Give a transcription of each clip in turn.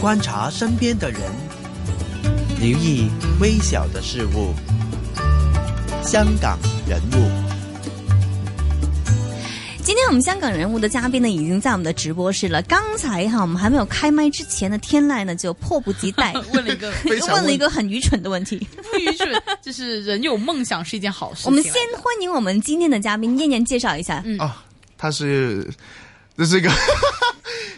觀察身邊的人，留意微小的事物。香港人物，今天我們香港人物的嘉賓呢已經在我們的直播室了。剛才哈，我們還沒有開麥之前呢，天籟呢就迫不及待 問了一個問， 問了一個很愚蠢的問題。不愚蠢，就是人有夢想是一件好事。 我們先歡迎我們今天的嘉賓，念念介紹一下。嗯。啊、哦，他是，這是一個。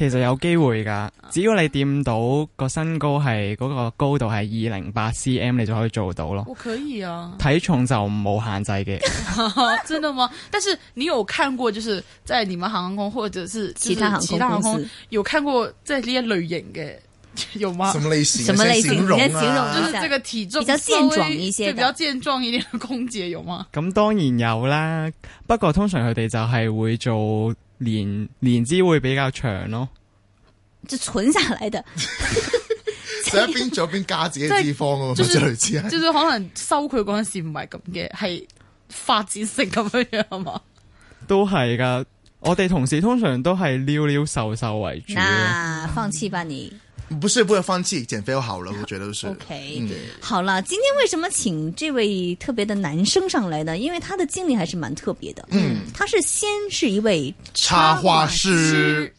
其實有機會㗎，只要你掂到個身高係嗰、那個高度係二零八 cm，你就可以做到咯。我可以啊，體重就冇限制嘅， 真的嗎？ 但是你有看過，就是在你們航空,空或者是,是其他航其他航空有看過，呢一類型嘅有嗎？什麼類型、啊？什麼類型、啊？形容一下，就是這個體重比較健壯一些，比較健壯一點嘅空姐有嗎？咁、嗯、當然有啦，不過通常佢哋就係會做年年資會比較長咯。就存下來的，食 一邊做一邊加自己脂肪咯、就是，咁就類、是、似。就是可能收佢嗰陣時唔係咁嘅，係發展性咁樣樣，好唔好？都係噶，我哋同事通常都係溜溜瘦瘦為主。嗱，放棄吧你，不是，不要放棄，減肥好了，我、啊、覺得都是 OK、嗯。好了，今天為什麼請這位特別的男生上來呢？因為他的經歷還是蠻特別的。嗯，他是先是一位插畫師。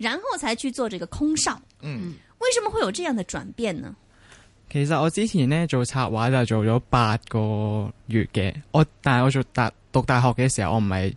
然後才去做這個空少。嗯，為什麼會有這樣的轉變呢？其實我之前呢，做插畫就做咗八個月嘅，我但係我做大讀大學嘅時候，我唔係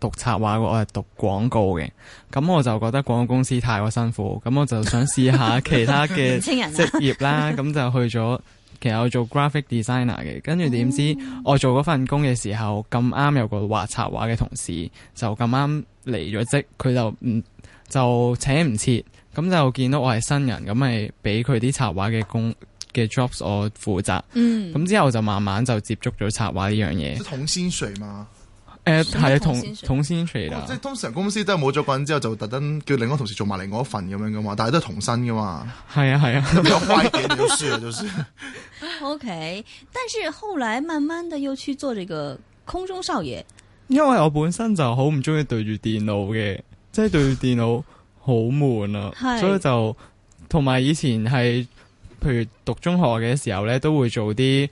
讀插畫，我係讀廣告嘅。咁我就覺得廣告公司太過辛苦，咁我就想試下其他嘅 人、啊、職業啦。咁就去咗，其實我做 graphic designer 嘅，跟住點知我做嗰份工嘅時候，咁啱有個畫插畫嘅同事，就咁啱離咗職，佢就唔。嗯就請唔切，咁就見到我係新人，咁咪俾佢啲插畫嘅工嘅 jobs 我負責。嗯，咁之後就慢慢就接觸咗插畫呢樣嘢。同薪水嘛，誒係同同薪水啦。即係通常公司都係冇咗份之後，就特登叫另外同事做埋另外一份咁樣噶嘛，但係都係同薪噶嘛。係啊係啊，咁有壞嘅。都算啦，都算 O K，但是後來慢慢嘅又去做呢個空中少爺，因為我本身就好唔中意對住電腦嘅。即係對住電腦好悶啊，是所以就同埋以前係，譬如讀中學嘅時候咧，都會做啲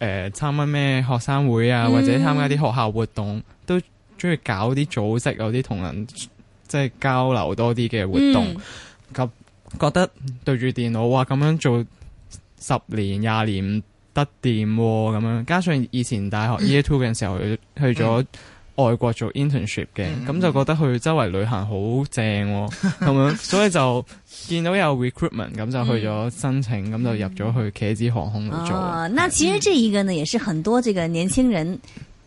誒參加咩學生會啊，嗯、或者參加啲學校活動，都中意搞啲組織，有啲同人即係、就是、交流多啲嘅活動。咁、嗯、就覺得對住電腦哇，咁樣做十年廿年唔得掂咁樣，加上以前大學、嗯、year two 嘅時候去咗、嗯。嗯外國做 internship 嘅，咁、嗯、就覺得去周圍旅行好正，哦，咁樣， 所以就見到有 recruitment，咁就去咗申請，咁、嗯、就入咗去茄子航空度做。啊，那其實這一個呢，也是很多這個年輕人，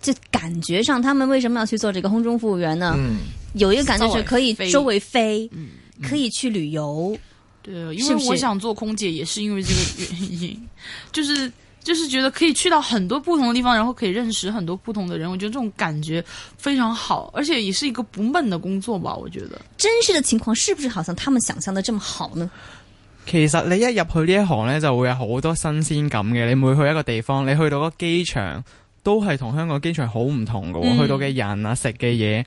就感覺上他們為什麼要去做這個空中服務員呢？嗯、有一個感覺是可以周圍飛，可以去旅遊。是是對，因為我想做空姐也是因為這個原因， 就是。就是覺得可以去到很多不同的地方，然後可以認識很多不同的人，我覺得這種感覺非常好，而且也是一個不悶的工作吧。我覺得真實的情況是不是好像他們想象的這麼好呢？其實你一入去呢一行呢，就會有好多新鮮感嘅。你每去一個地方，你去到個機場都係同香港機場好唔同㗎。嗯、去到嘅人啊，食嘅嘢。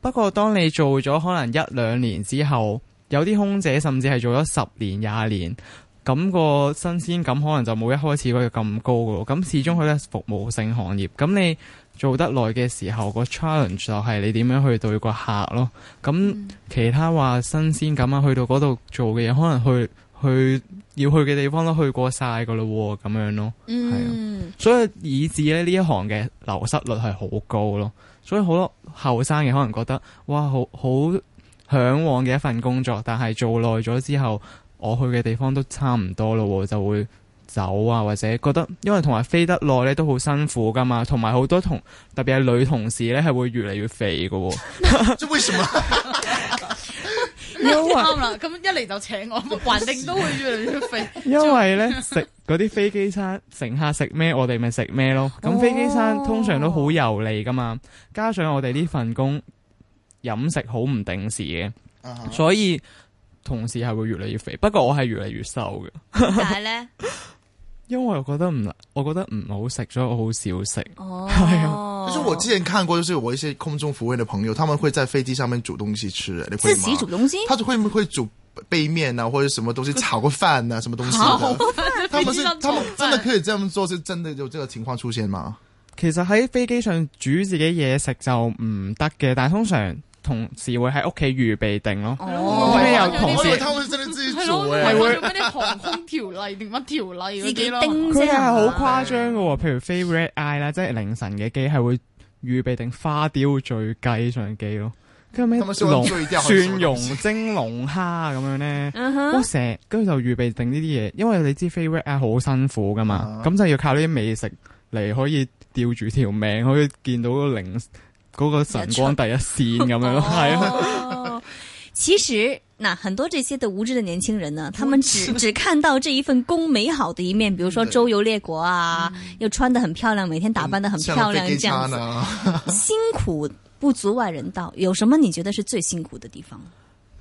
不過當你做咗可能一兩年之後，有啲空姐甚至係做咗十年廿年。咁個新鮮感可能就冇一開始嗰個咁高咯。咁始終佢係服務性行業，咁你做得耐嘅時候，個 challenge 就係你點樣去對個客咯。咁其他話新鮮感啊，去到嗰度做嘅嘢，可能去去要去嘅地方都去過曬噶啦，咁樣咯。係啊，所以以至以致咧呢一行嘅流失率係好高咯。所以好多後生嘅可能覺得，哇，好好嚮往嘅一份工作，但係做耐咗之後。我去嘅地方都差唔多咯，就會走啊，或者覺得，因為同埋飛得耐咧都好辛苦㗎嘛，同埋好多同特別係女同事咧係會越嚟越肥㗎。即為什麼？啱啦，咁一嚟就請我，環境都會越嚟越肥。因為咧食嗰啲飛機餐，乘客食咩我哋咪食咩咯。咁飛機餐通常都好油膩㗎嘛，加上我哋呢份工飲食好唔定時嘅，所以。同事係會越嚟越肥，不過我係越嚟越瘦嘅。但係咧， 因為我覺得唔，我覺得唔好食，所以我好少食。哦， 其是我之前看過，就是我一些空中服務嘅朋友，他們會在飛機上面煮東西吃。自己煮東西，他會唔會煮杯麵啊，或者什麼東西炒個飯啊，什麼東西？ 他們是他們真的可以這樣做？是真的有這個情況出現嗎？ 其實喺飛機上煮自己嘢食就唔得嘅，但係通常。同事會喺屋企預備定咯，咩、哦、有同事偷啲資料啊？係會咩航空條例 條例定乜條例？自己叮即係好誇張嘅喎，譬對如飛 red eye 啦，即係凌晨嘅機係會預備定花雕醉雞上機咯，跟住咩龍 蒜蓉蒸龍蝦咁樣咧，好食、uh，跟、huh. 住就預備定呢啲嘢，因為你知飛 red eye 好辛苦嘅嘛，咁、uh huh. 就要靠呢啲美食嚟可以吊住條命，可以見到個零。嗰個晨光第一線咁樣咯，係咯、 哦。 其實，嗱，很多這些的無知的年輕人呢、啊，他們只 只看到這一份工美好的一面，比如說周遊列國啊，嗯、又穿得很漂亮，嗯、每天打扮得很漂亮，這樣、啊、 辛苦不足外人道，有什麼你覺得是最辛苦的地方？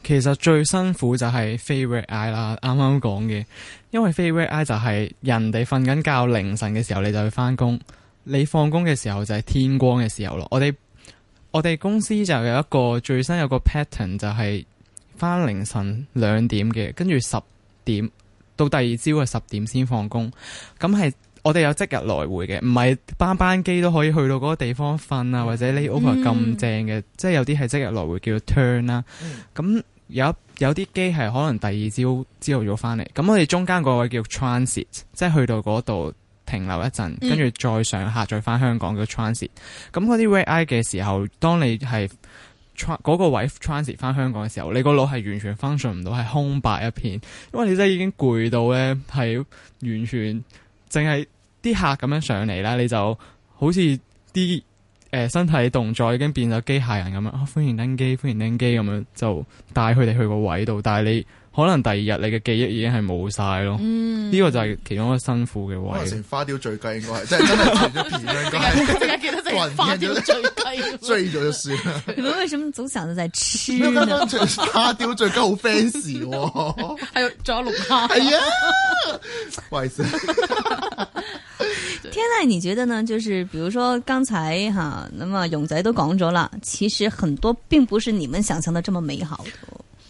其實最辛苦就係 favorite eye 啦，啱啱講嘅，因為 favorite eye 就係人哋瞓緊覺凌晨嘅時，時，時候，你就去翻工；你放工嘅時候就係天光嘅時候咯。我哋。我哋公司就有一個最新有個 pattern 就係翻凌晨兩點嘅，跟住十點到第二朝嘅十點先放工。咁係我哋有即日來回嘅，唔係班班機都可以去到嗰個地方瞓啊，或者呢 layover 咁正嘅。嗯、即係有啲係即日來回叫 turn 啦、啊。咁有有啲機係可能第二朝朝頭早翻嚟，咁我哋中間嗰位叫 transit，即係去到嗰度。停留一陣，跟住、嗯、再上客再翻香港叫 transit。咁嗰啲 red eye 嘅時候，當你係 t r a 嗰、嗰個位 transit 翻香港嘅時候，你個腦係完全 function 唔到，係空白一片。因為你真係已經攰到咧，係完全淨係啲客咁樣上嚟啦，你就好似啲誒身體動作已經變咗機械人咁樣。啊、哦，歡迎登機，歡迎登機咁樣就帶佢哋去個位度，帶你。可能第二日你嘅記憶已經係冇晒咯，呢、嗯、個就係其中一個辛苦嘅位。可花雕醉雞應該係， 即係真係成咗片應該。點解記得正？花雕醉雞追咗就算。你們 為什麼總想着在吃剛剛花雕醉雞好 fans 喎，還有小龍蝦。哎呀、 啊，不好意思。 天籟，你覺得呢？就是，比如說剛才哈、啊，那麼勇仔都講咗啦，其實很多並不是你們想象的這麼美好。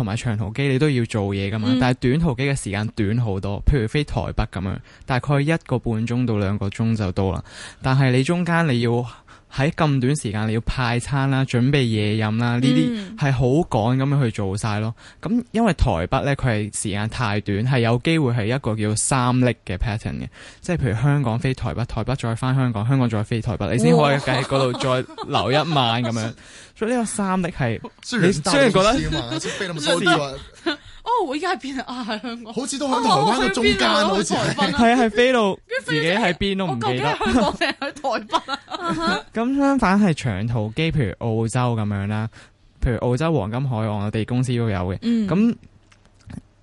同埋長途機你都要做嘢㗎嘛，嗯、但係短途機嘅時間短好多，譬如飛台北咁樣，大概一個半鐘到兩個鐘就到啦。但係你中間你要。喺咁短時間你要派餐啦、準備夜飲啦，呢啲係好趕咁樣去做晒咯。咁、嗯、因為台北咧佢係時間太短，係有機會係一個叫三力嘅 pattern 嘅，即係譬如香港飛台北，台北再返香港，香港再飛台北，你先可以喺嗰度再留一晚咁樣。哇 所以呢個三力係， 你雖然覺得。哦，我依家喺邊啊？喺香港，好似都喺台灣，中間好似係啊，係飛到自己喺邊都唔記得，香港定喺台北啊！咁相反係長途機，譬如澳洲咁樣啦，譬如澳洲黃金海岸，我哋公司都有嘅。嗯，咁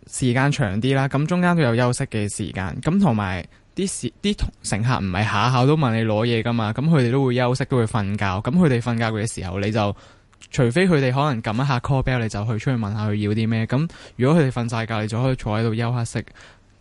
時間長啲啦，咁中間都有休息嘅時間。咁同埋啲時啲乘客唔係下下都問你攞嘢噶嘛，咁佢哋都會休息，都會瞓覺。咁佢哋瞓覺嘅時候，你就。除非佢哋可能撳一下 call bell，你就去出去問下佢要啲咩。咁如果佢哋瞓晒覺，你就可以坐喺度休下息，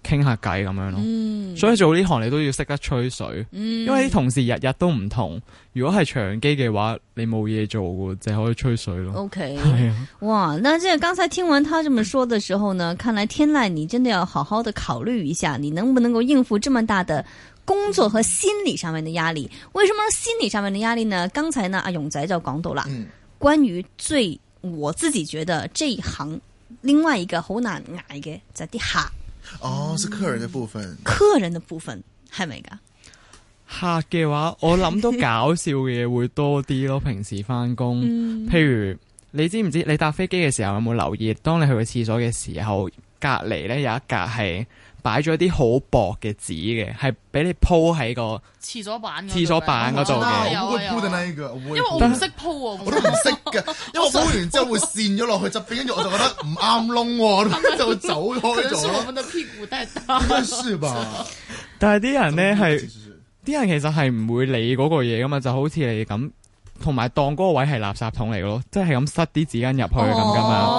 傾下偈咁樣咯。嗯、所以做呢行你都要識得吹水，嗯、因為啲同事日日都唔同。如果係長機嘅話，你冇嘢做嘅，就可以吹水咯。O Okay , K，、係啊、哇！即係剛才聽完他這麼說嘅時候呢，嗯、看來天籟，你真的要好好的考慮一下，你能不能夠應付這麼大的工作和心理上面的壓力？為什麼心理上面的壓力呢？剛才呢，阿勇仔就講到啦。嗯關於最我自己覺得這一行，另外一個好難捱嘅，就係啲客。哦，是客人嘅部分。嗯、客人嘅部分係咪噶？ 是是客嘅話，我諗到搞笑嘅嘢會多啲咯。平時翻工， 嗯、譬如你知唔知？你搭飛機嘅時候有冇留意？當你去個廁所嘅時候，隔籬咧有一格係。擺咗啲好薄嘅紙嘅，係俾你鋪喺個廁所板廁所板嗰度嘅。因為我唔識鋪啊，我都唔識嘅，因為我鋪完之後會扇咗落去側邊，跟住我就覺得唔啱窿，我就走開咗咯。我們的屁股都大，應該舒服，但係啲人咧係，啲人其實係唔會理嗰個嘢噶嘛，就好似你咁，同埋當嗰個位係垃圾桶嚟嘅咯，即係咁塞啲紙巾入去咁噶嘛。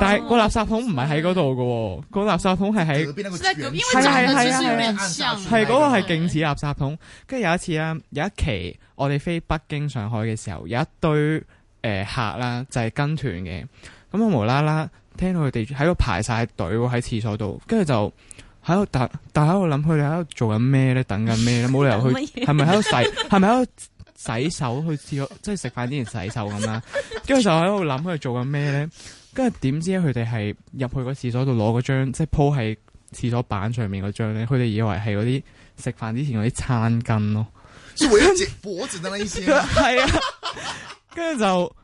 但係個垃圾桶唔係喺嗰度嘅，嗯、個垃圾桶係喺，係係係啊，係嗰個係勁似垃圾桶。跟住有一次啊，有一期我哋飛北京上海嘅時候，有一堆誒、呃、客啦，就係跟團嘅。咁我無啦啦聽到佢哋喺度排晒隊喺廁所度，跟住就喺度但但喺度諗佢哋喺度做緊咩咧？等緊咩咧？冇 理由去係咪喺度洗？係咪喺度洗手 去廁？即係食飯之前洗手咁啦？跟住就喺度諗佢哋做緊咩咧？跟住點知佢哋係入去嗰廁所度攞嗰張，即係鋪喺廁所板上面嗰張咧，佢哋以為係嗰啲食飯之前嗰啲餐巾咯。係啊， 跟住就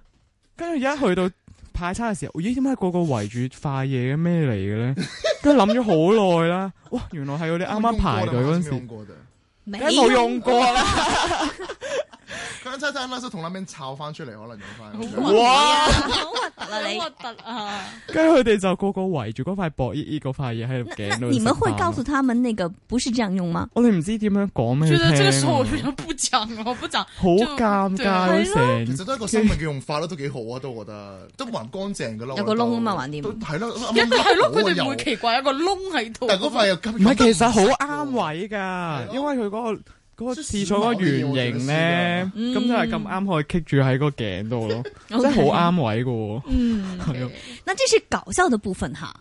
跟住而家去到派餐嘅時候，咦，點解個個圍住塊嘢嘅咩嚟嘅咧？跟住諗咗好耐啦，哇原來係佢哋啱啱排隊嗰陣時，梗係冇用過啦。 咁即係喺嗰度同嗰邊摷翻出嚟，可能用翻。哇！好核突啊，你核突啊。跟住佢哋就個個圍住嗰塊薄衣衣嗰塊嘢喺度。那你們會告訴他們那個不是這樣用嗎？我哋唔知點樣講咩。覺得這個時候我就不講，我不講。好尷尬，其實都係一個生命嘅用法都幾好啊，都我覺得都還乾淨噶啦。有個窿啊嘛，還掂。係咯，係咯，佢哋唔會奇怪有個窿喺度。但嗰塊又唔係，其實好啱位噶，因為佢嗰個。嗰個廁所嗰個圓形呢，咁真係咁啱可以棘住喺個頸度咯，真係好啱位噶。嗯，那這是搞笑的部分哈。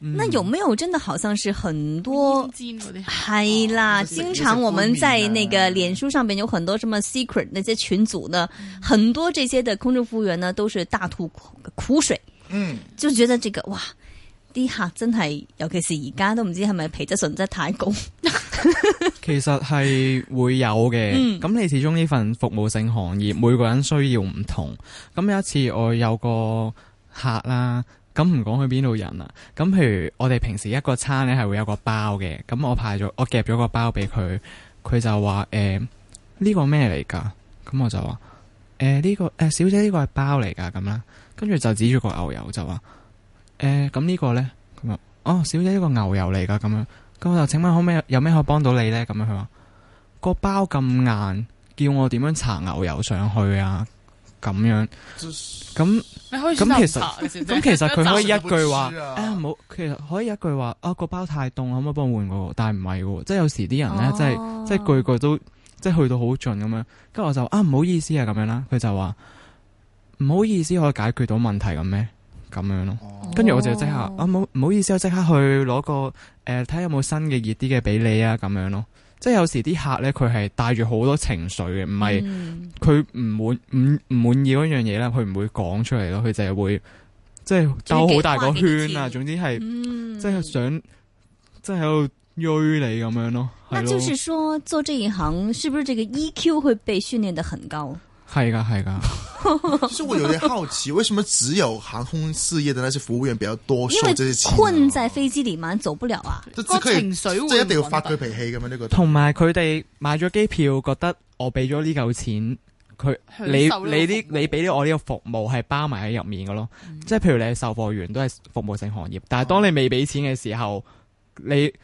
Okay. 那有冇有真的好像是很多，係啦，經常我們在那個臉書上面有很多什麼 secret 那些群組呢，嗯、很多這些嘅空中服務員呢，都是大吐苦，苦水，嗯，就覺得呢、這個哇。啲客真係，尤其是而家都唔知係咪皮質純質太高。 其實係會有嘅。咁、嗯、你始終呢份服務性行業，每個人需要唔同。咁有一次我有個客啦，咁唔講去邊度人啦。咁譬如我哋平時一個餐咧係會有個包嘅。咁我派咗我夾咗個包俾佢，佢就話，誒，呢個咩嚟噶？咁、欸、我就話誒呢個誒、欸、小姐呢個係包嚟噶咁啦。跟住就指住個牛油就話。誒，咁、欸、呢個咧咁啊，哦，小姐呢個牛油嚟噶，咁樣，咁我就請問可唔可以？有咩可以幫到你咧？咁樣佢話個包咁硬，叫我點樣搽牛油上去啊？咁樣咁咁其實咁其實佢可以一句話啊，冇、 哎，其實可以一句話啊，個包太凍，可唔可以幫我換個？但係唔係嘅，即係有時啲人咧、啊，即係即係句句都即係去到好盡咁樣。跟住我就話啊，唔好意思啊，咁樣啦。佢就話唔好意思可以解決到問題咁咩？咁樣咯，跟住我就即刻，oh. 啊唔好唔好意思，我即刻去攞個誒，睇下、呃、有冇新嘅熱啲嘅俾你啊，咁樣咯。即係有時啲客咧，佢係帶住好多情緒嘅，唔係佢唔滿唔唔滿意嗰樣嘢咧，佢唔會講出嚟咯，佢就係會即係兜好大個圈啊。總之係、嗯，即係想即係喺度追你咁樣咯。那就是說，了做這一行是不是這個 EQ 會被訓練得很高？係噶，係噶。其實我有啲好奇，為什麼只有航空事業嘅那些服務員比較多受這些氣啊？因為困在飛機裏嘛，啊啊、走不了啊。個情緒即一定要發佢脾氣咁樣呢個。同埋佢哋買咗機票，覺得我俾咗呢嚿錢，佢你你呢你俾咗我呢個服務係包埋喺入面嘅咯。即係、嗯、譬如你係售貨員，都係服務性行業，但係當你未俾錢嘅時候，你誒個、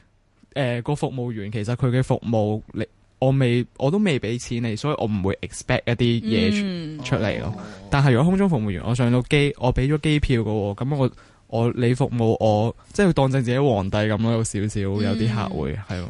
呃呃呃、服務員其實佢嘅服務力。我未，我都未俾錢你，所以我唔會 expect 一啲嘢出嚟咯。但係如果空中服務員我上到機我俾咗機票噶喎，咁我我，我你服務我，即係當正自己皇帝咁咯，有少少、嗯、有啲客會係咯。